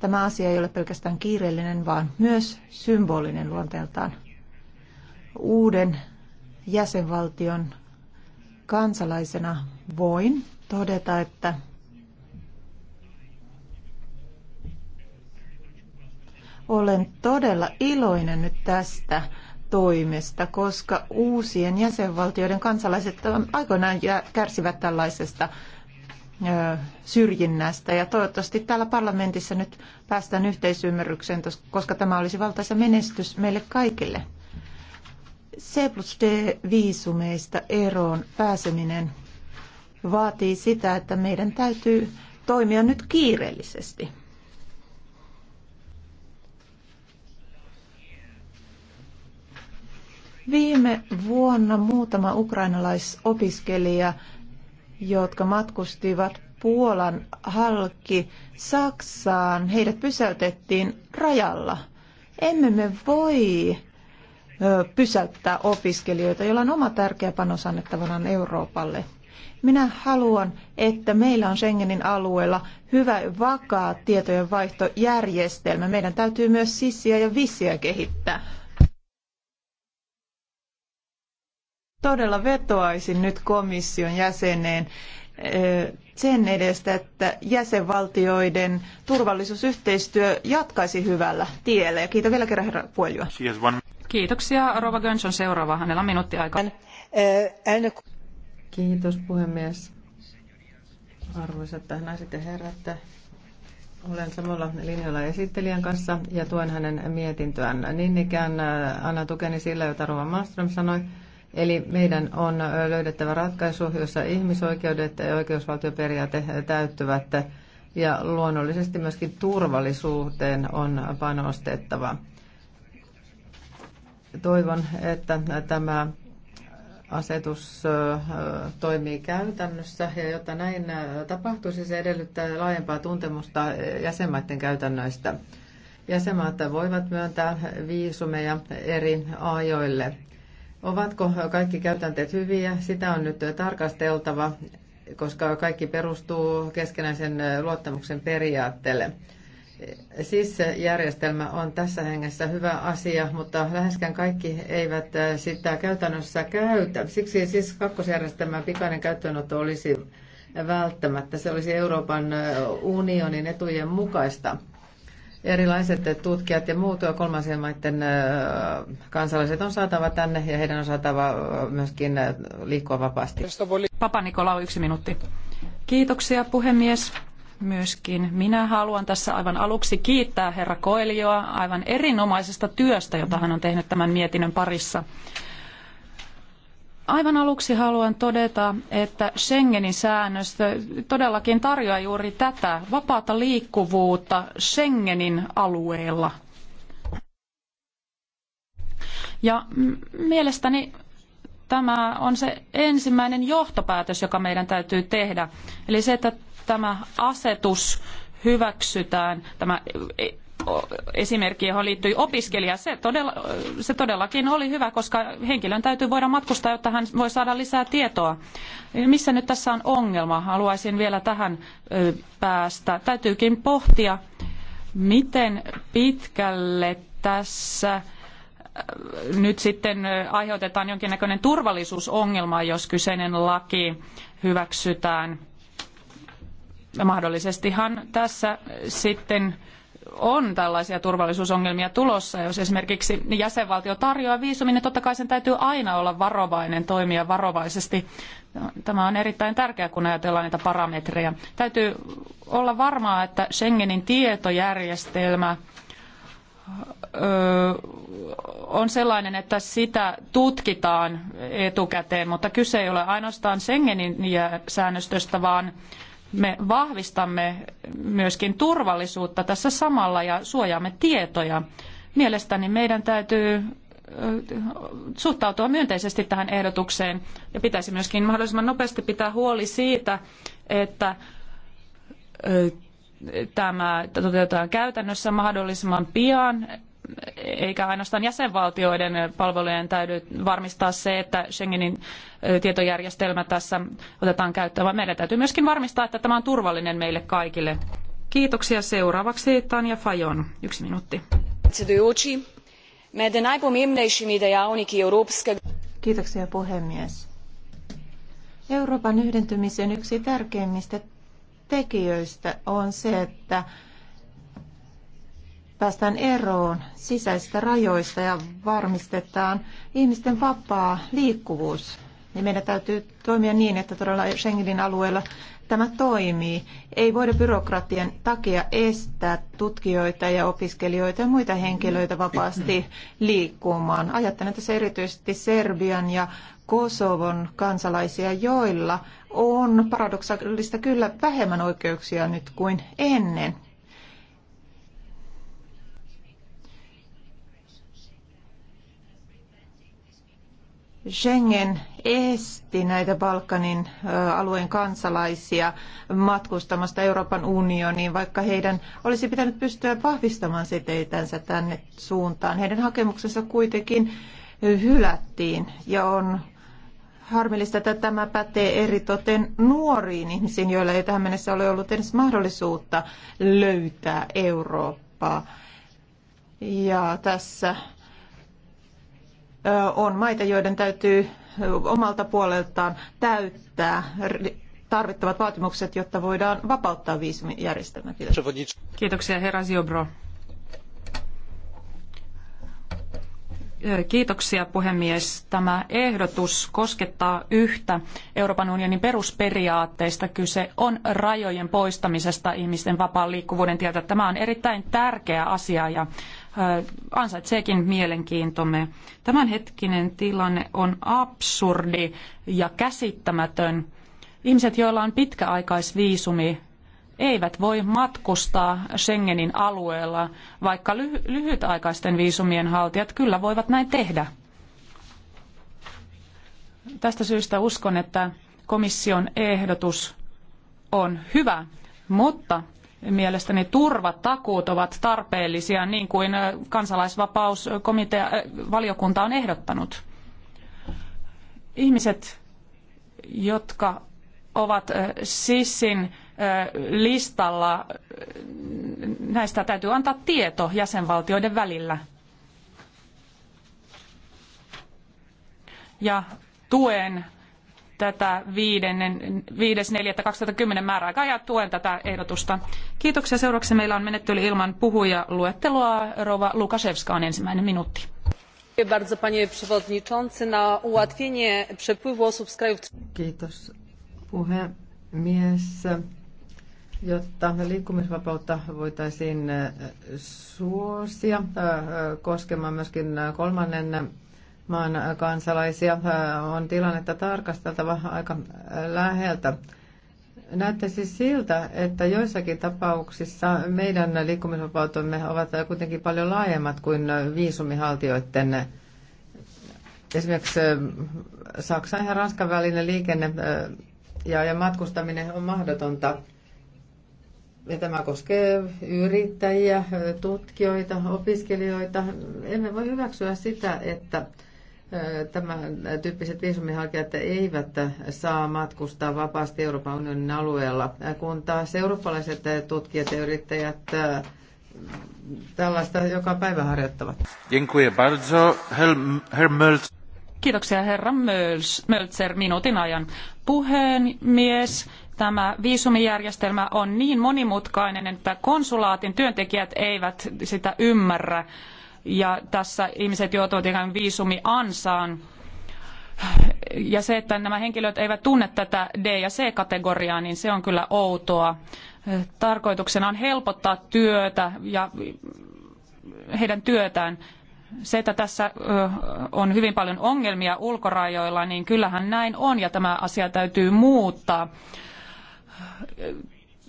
Tämä asia ei ole pelkästään kiireellinen, vaan myös symbolinen luonteeltaan. Uuden jäsenvaltion kansalaisena voin todeta, että Olen todella iloinen nyt tästä toimesta, koska uusien jäsenvaltioiden kansalaiset aikoinaan kärsivät tällaisesta syrjinnästä. Ja toivottavasti täällä parlamentissa nyt päästään yhteisymmärrykseen, koska tämä olisi valtaisa menestys meille kaikille. C plus D-viisumeista eroon pääseminen vaatii sitä, että meidän täytyy toimia nyt kiireellisesti. Viime vuonna muutama ukrainalaisopiskelija, jotka matkustivat Puolan halki Saksaan, heidät pysäytettiin rajalla. Emme me voi pysäyttää opiskelijoita, joilla on oma tärkeä panos annettavanaan Euroopalle. Minä haluan, että meillä on Schengenin alueella hyvä vakaa tietojenvaihtojärjestelmä. Meidän täytyy myös sissiä ja visiä kehittää. todella vetoaisin nyt komission jäseneen sen edestä, että jäsenvaltioiden turvallisuusyhteistyö jatkaisi hyvällä tiellä. Ja kiitän vielä kerran herra Puolio. Kiitoksia. Rova Gönsson seuraava. Hänellä on minuutti aikaa. Kiitos puhemies. Arvoisat naiset ja herrat, olen samalla linjalla esittelijän kanssa ja tuen hänen mietintöään. Niin ikään äh, annan tukeni sillä, jota Rova Malmström sanoi. Eli meidän on löydettävä ratkaisu, jossa ihmisoikeudet ja oikeusvaltioperiaate täyttyvät ja luonnollisesti myöskin turvallisuuteen on panostettava. Toivon, että tämä asetus toimii käytännössä ja jotta näin tapahtuisi, se edellyttää laajempaa tuntemusta jäsenmaiden käytännöistä. Jäsenmaat voivat myöntää viisumeja eri ajoille – Ovatko kaikki käytänteet hyviä? Sitä on nyt tarkasteltava, koska kaikki perustuu keskenäisen luottamuksen periaatteelle. Siis järjestelmä on tässä hengessä hyvä asia, mutta läheskään kaikki eivät sitä käytännössä käytä. Siksi siis kakkosjärjestelmän pikainen käyttöönotto olisi välttämättä. Se olisi Euroopan unionin etujen mukaista. Erilaiset tutkijat ja muut kolmansien maiden kansalaiset on saatava tänne ja heidän on saatava myöskin liikkua vapaasti. Papa Nikolau, yksi minuutti. Kiitoksia puhemies myöskin. Minä haluan tässä aivan aluksi kiittää herra Koelioa aivan erinomaisesta työstä, jota hän on tehnyt tämän mietinnön parissa. Aivan aluksi haluan todeta, että Schengenin säännöstö todellakin tarjoaa juuri tätä vapaata liikkuvuutta Schengenin alueella. Ja mielestäni tämä on se ensimmäinen johtopäätös, joka meidän täytyy tehdä. Eli se, että tämä asetus hyväksytään, tämä esimerkki, johon liittyi opiskelija, se, todella, se todellakin oli hyvä, koska henkilön täytyy voida matkustaa, jotta hän voi saada lisää tietoa. Missä nyt tässä on ongelma? Haluaisin vielä tähän päästä. Täytyykin pohtia, miten pitkälle tässä nyt sitten aiheutetaan jonkinnäköinen turvallisuusongelma, jos kyseinen laki hyväksytään. Mahdollisestihan tässä sitten on tällaisia turvallisuusongelmia tulossa. Jos esimerkiksi jäsenvaltio tarjoaa viisumin, niin totta kai sen täytyy aina olla varovainen, toimia varovaisesti. Tämä on erittäin tärkeää, kun ajatellaan niitä parametreja. Täytyy olla varmaa, että Schengenin tietojärjestelmä on sellainen, että sitä tutkitaan etukäteen, mutta kyse ei ole ainoastaan Schengenin säännöstöstä, vaan me vahvistamme myöskin turvallisuutta tässä samalla ja suojaamme tietoja. Mielestäni meidän täytyy suhtautua myönteisesti tähän ehdotukseen ja pitäisi myöskin mahdollisimman nopeasti pitää huoli siitä, että tämä toteutetaan käytännössä mahdollisimman pian eikä ainoastaan jäsenvaltioiden palvelujen täytyy varmistaa se, että Schengenin tietojärjestelmä tässä otetaan käyttöön, vaan meidän täytyy myöskin varmistaa, että tämä on turvallinen meille kaikille. Kiitoksia. Seuraavaksi Tanja Fajon. Yksi minuutti. Kiitoksia puhemies. Euroopan yhdentymisen yksi tärkeimmistä tekijöistä on se, että päästään eroon sisäisistä rajoista ja varmistetaan ihmisten vapaa liikkuvuus, niin meidän täytyy toimia niin, että todella Schengenin alueella tämä toimii. Ei voida byrokratian takia estää tutkijoita ja opiskelijoita ja muita henkilöitä vapaasti liikkumaan. Ajattelen tässä erityisesti Serbian ja Kosovon kansalaisia, joilla on paradoksaalista kyllä vähemmän oikeuksia nyt kuin ennen. Schengen esti näitä Balkanin alueen kansalaisia matkustamasta Euroopan unioniin, vaikka heidän olisi pitänyt pystyä vahvistamaan siteitänsä tänne suuntaan. Heidän hakemuksensa kuitenkin hylättiin ja on harmillista, että tämä pätee eritoten nuoriin ihmisiin, joilla ei tähän mennessä ole ollut edes mahdollisuutta löytää Eurooppaa. Ja tässä on maita, joiden täytyy omalta puoleltaan täyttää tarvittavat vaatimukset, jotta voidaan vapauttaa viisumijärjestelmä. Kiitoksia, herra Ziobro. Kiitoksia puhemies. Tämä ehdotus koskettaa yhtä Euroopan unionin perusperiaatteista. Kyse on rajojen poistamisesta ihmisten vapaan liikkuvuuden tieltä. Tämä on erittäin tärkeä asia ja ansaitseekin mielenkiintomme. Tämänhetkinen tilanne on absurdi ja käsittämätön. Ihmiset, joilla on pitkäaikaisviisumi, eivät voi matkustaa Schengenin alueella, vaikka lyhy- lyhytaikaisten viisumien haltijat kyllä voivat näin tehdä. Tästä syystä uskon, että komission ehdotus on hyvä, mutta mielestäni turvatakuut ovat tarpeellisia niin kuin kansalaisvapauskomitea valiokunta on ehdottanut. Ihmiset, jotka ovat SISin listalla, näistä täytyy antaa tieto jäsenvaltioiden välillä. Ja tuen tätä 5.4.2010 määräaikaa ja tuen tätä ehdotusta. Kiitoksia. Seuraavaksi meillä on menettely ilman puhuja luetteloa. Rova Lukashevska on ensimmäinen minuutti. panie Kiitos puhemies. Jotta liikkumisvapautta voitaisiin e, suosia e, e, koskemaan myöskin kolmannen maan kansalaisia on tilannetta tarkasteltava aika läheltä. Näyttäisi siis siltä, että joissakin tapauksissa meidän liikkumisvapautumme ovat kuitenkin paljon laajemmat kuin viisumihaltijoiden. Esimerkiksi äh, Saksan ja Ranskan välinen liikenne äh, ja matkustaminen on mahdotonta. Ja tämä koskee yrittäjiä, äh, tutkijoita, opiskelijoita. Emme voi hyväksyä sitä, että tämän tyyppiset viisumihakijat eivät saa matkustaa vapaasti Euroopan unionin alueella, kun taas eurooppalaiset tutkijat ja yrittäjät tällaista joka päivä harjoittavat. Kiitoksia herra Möltser minuutin ajan. Puheenmies, tämä viisumijärjestelmä on niin monimutkainen, että konsulaatin työntekijät eivät sitä ymmärrä ja tässä ihmiset joutuvat ikään viisumi ansaan. Ja se, että nämä henkilöt eivät tunne tätä D- ja C-kategoriaa, niin se on kyllä outoa. Tarkoituksena on helpottaa työtä ja heidän työtään. Se, että tässä on hyvin paljon ongelmia ulkorajoilla, niin kyllähän näin on ja tämä asia täytyy muuttaa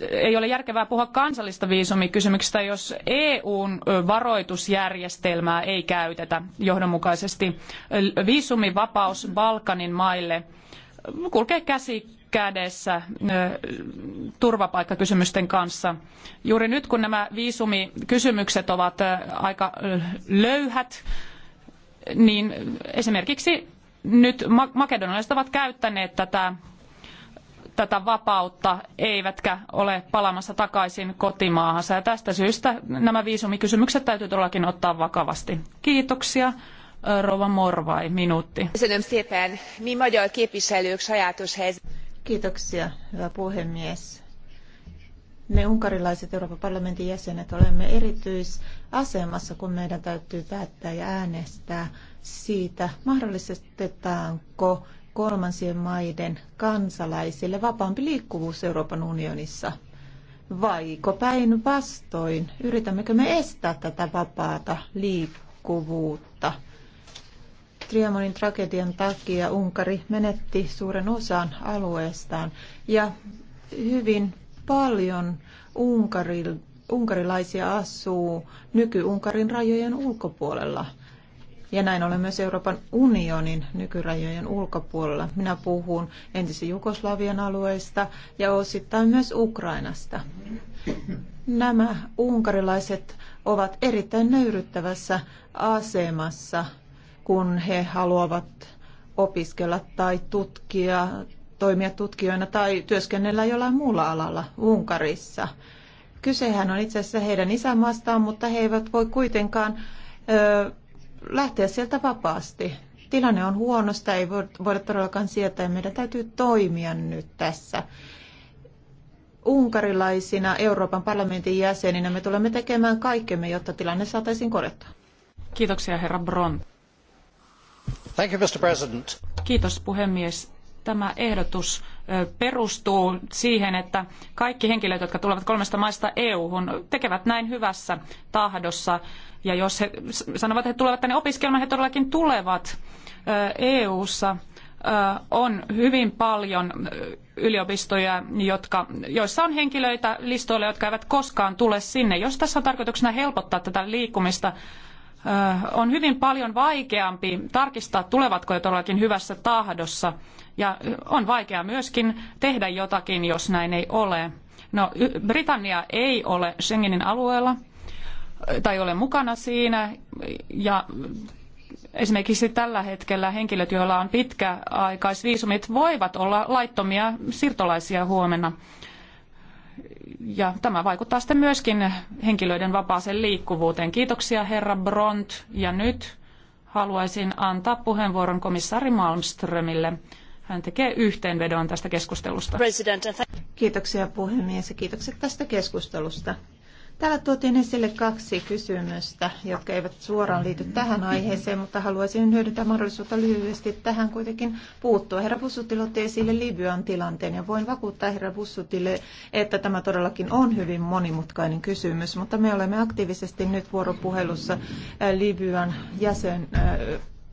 ei ole järkevää puhua kansallista viisumikysymyksestä, jos EUn varoitusjärjestelmää ei käytetä johdonmukaisesti. Viisumivapaus Balkanin maille kulkee käsi kädessä turvapaikkakysymysten kanssa. Juuri nyt, kun nämä viisumikysymykset ovat aika löyhät, niin esimerkiksi nyt makedonialaiset ovat käyttäneet tätä tätä vapautta eivätkä ole palaamassa takaisin kotimaahansa. Ja tästä syystä nämä viisumikysymykset täytyy todellakin ottaa vakavasti. Kiitoksia. Rova Morvai, minuutti. Kiitoksia, hyvä puhemies. Me unkarilaiset Euroopan parlamentin jäsenet olemme erityisasemassa, kun meidän täytyy päättää ja äänestää siitä, mahdollistetaanko kolmansien maiden kansalaisille vapaampi liikkuvuus Euroopan unionissa? Vaiko päinvastoin? Yritämmekö me estää tätä vapaata liikkuvuutta? Triamonin tragedian takia Unkari menetti suuren osan alueestaan ja hyvin paljon unkarilaisia asuu nyky-Unkarin rajojen ulkopuolella – ja näin olen myös Euroopan unionin nykyrajojen ulkopuolella. Minä puhun entisen Jugoslavian alueista ja osittain myös Ukrainasta. Nämä unkarilaiset ovat erittäin nöyryttävässä asemassa, kun he haluavat opiskella tai tutkia, toimia tutkijoina tai työskennellä jollain muulla alalla Unkarissa. Kysehän on itse asiassa heidän isämaastaan, mutta he eivät voi kuitenkaan ö, lähteä sieltä vapaasti. Tilanne on huono, sitä ei voida todellakaan sietää ja meidän täytyy toimia nyt tässä. Unkarilaisina Euroopan parlamentin jäseninä me tulemme tekemään kaikkemme, jotta tilanne saataisiin korjattua. Kiitoksia herra Bron. Thank you, Mr. President. Kiitos puhemies tämä ehdotus perustuu siihen, että kaikki henkilöt, jotka tulevat kolmesta maista EU-hun, tekevät näin hyvässä tahdossa. Ja jos he sanovat, että he tulevat tänne opiskelemaan, he todellakin tulevat EU-ssa. On hyvin paljon yliopistoja, jotka, joissa on henkilöitä listoilla, jotka eivät koskaan tule sinne. Jos tässä on tarkoituksena helpottaa tätä liikkumista, on hyvin paljon vaikeampi tarkistaa, tulevatko he todellakin hyvässä tahdossa ja on vaikea myöskin tehdä jotakin, jos näin ei ole. No, Britannia ei ole Schengenin alueella tai ole mukana siinä. Ja esimerkiksi tällä hetkellä henkilöt, joilla on pitkäaikaisviisumit, voivat olla laittomia siirtolaisia huomenna. Ja tämä vaikuttaa sitten myöskin henkilöiden vapaaseen liikkuvuuteen. Kiitoksia herra Bront. Ja nyt haluaisin antaa puheenvuoron komissaari Malmströmille hän tekee yhteenvedon tästä keskustelusta. Kiitoksia puhemies ja kiitokset tästä keskustelusta. Täällä tuotiin esille kaksi kysymystä, jotka eivät suoraan liity tähän aiheeseen, mutta haluaisin hyödyntää mahdollisuutta lyhyesti tähän kuitenkin puuttua. Herra Bussutil otti esille Libyan tilanteen ja voin vakuuttaa herra Bussutille, että tämä todellakin on hyvin monimutkainen kysymys, mutta me olemme aktiivisesti nyt vuoropuhelussa äh, Libyan jäsen äh,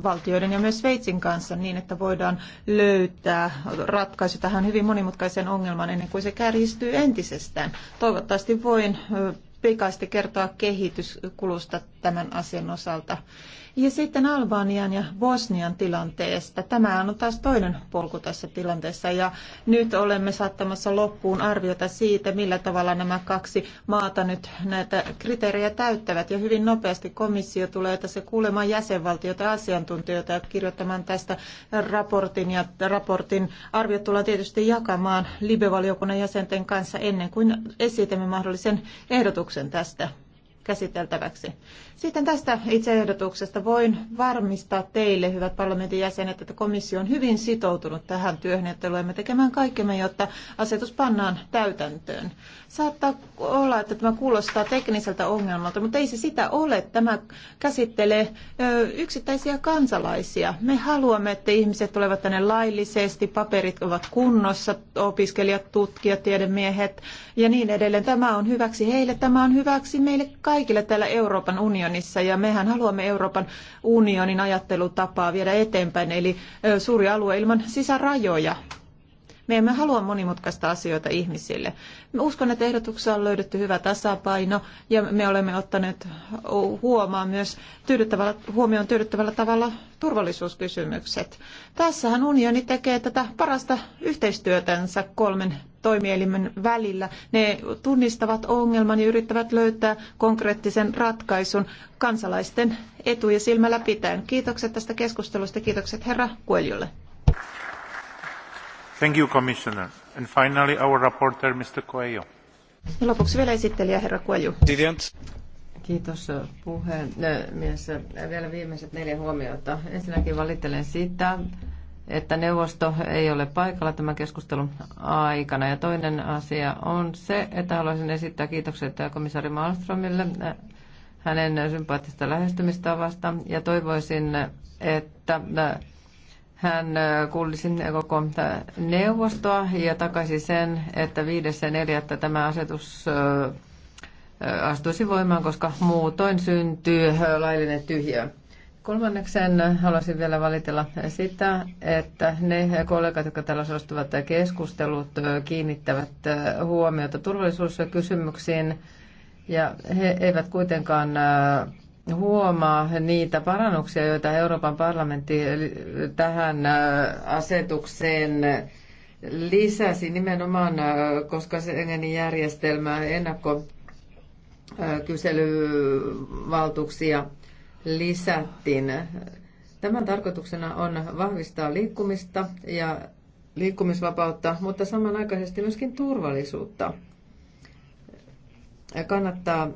valtioiden ja myös Sveitsin kanssa niin, että voidaan löytää ratkaisu tähän hyvin monimutkaiseen ongelmaan ennen kuin se kärjistyy entisestään. Toivottavasti voin pikaisesti kertoa kehityskulusta tämän asian osalta. Ja sitten Albanian ja Bosnian tilanteesta. Tämä on taas toinen polku tässä tilanteessa ja nyt olemme saattamassa loppuun arviota siitä, millä tavalla nämä kaksi maata nyt näitä kriteerejä täyttävät. Ja hyvin nopeasti komissio tulee tässä kuulemaan jäsenvaltioita ja asiantuntijoita ja kirjoittamaan tästä raportin ja raportin arviot tullaan tietysti jakamaan libevaliokunnan jäsenten kanssa ennen kuin esitämme mahdollisen ehdotuksen tästä käsiteltäväksi. Sitten tästä itse ehdotuksesta voin varmistaa teille, hyvät parlamentin jäsenet, että komissio on hyvin sitoutunut tähän työhön, että tulemme tekemään kaikkemme, jotta asetus pannaan täytäntöön. Saattaa olla, että tämä kuulostaa tekniseltä ongelmalta, mutta ei se sitä ole. Tämä käsittelee ö, yksittäisiä kansalaisia. Me haluamme, että ihmiset tulevat tänne laillisesti, paperit ovat kunnossa, opiskelijat, tutkijat, tiedemiehet ja niin edelleen. Tämä on hyväksi heille, tämä on hyväksi meille kaikille täällä Euroopan unionissa unionissa ja mehän haluamme Euroopan unionin ajattelutapaa viedä eteenpäin, eli suuri alue ilman sisärajoja. Me emme halua monimutkaista asioita ihmisille. Me uskon, että ehdotuksessa on löydetty hyvä tasapaino ja me olemme ottaneet huomaan myös tyydyttävällä, huomioon tyydyttävällä tavalla turvallisuuskysymykset. Tässähän unioni tekee tätä parasta yhteistyötänsä kolmen toimielimen välillä. Ne tunnistavat ongelman ja yrittävät löytää konkreettisen ratkaisun kansalaisten etuja silmällä pitäen. Kiitokset tästä keskustelusta. Kiitokset herra Kueljulle lopuksi vielä esittelijä, herra Coelho. Kiitos äh, puhemies. Äh, vielä viimeiset neljä huomiota. Ensinnäkin valittelen sitä, että neuvosto ei ole paikalla tämän keskustelun aikana. Ja toinen asia on se, että haluaisin esittää kiitokset äh, komissaari Malmströmille hänen sympaattista lähestymistavasta ja toivoisin, että hän äh, sinne koko neuvostoa ja takaisin sen, että 5.4. tämä asetus äh, äh, astuisi voimaan, koska muutoin syntyy laillinen tyhjä. Kolmanneksen haluaisin vielä valitella sitä, että ne kollegat, jotka täällä osallistuvat keskustelut, kiinnittävät huomiota turvallisuuskysymyksiin ja he eivät kuitenkaan huomaa niitä parannuksia, joita Euroopan parlamentti tähän äh, asetukseen lisäsi nimenomaan, äh, koska Schengenin järjestelmä äh, kyselyvaltuuksia lisättiin. Tämän tarkoituksena on vahvistaa liikkumista ja liikkumisvapautta, mutta samanaikaisesti myöskin turvallisuutta. Kannattaa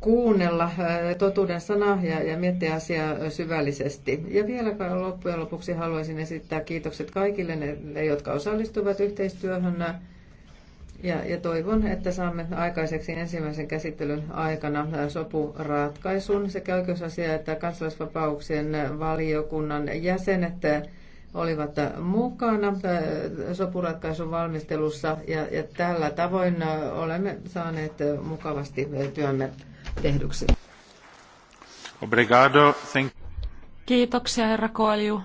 kuunnella totuuden sanaa ja, ja miettiä asiaa syvällisesti. Ja vielä loppujen lopuksi haluaisin esittää kiitokset kaikille ne, jotka osallistuvat yhteistyöhön. Ja, ja toivon, että saamme aikaiseksi ensimmäisen käsittelyn aikana sopuratkaisun sekä oikeusasia- että kansalaisvapauksien valiokunnan jäsenet olivat mukana äh, sopuratkaisun valmistelussa ja, ja tällä tavoin äh, olemme saaneet äh, mukavasti työmme tehdyksi. Obrigado. Thank... Kiitoksia herra Koelju.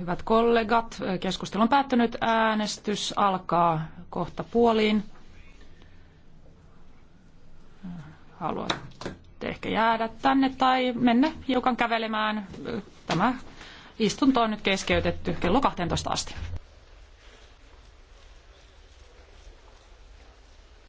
Hyvät kollegat, keskustelu on päättynyt. Äänestys alkaa kohta puoliin. Haluatte ehkä jäädä tänne tai mennä hiukan kävelemään. Tämä Istunto on nyt keskeytetty kello 12 asti.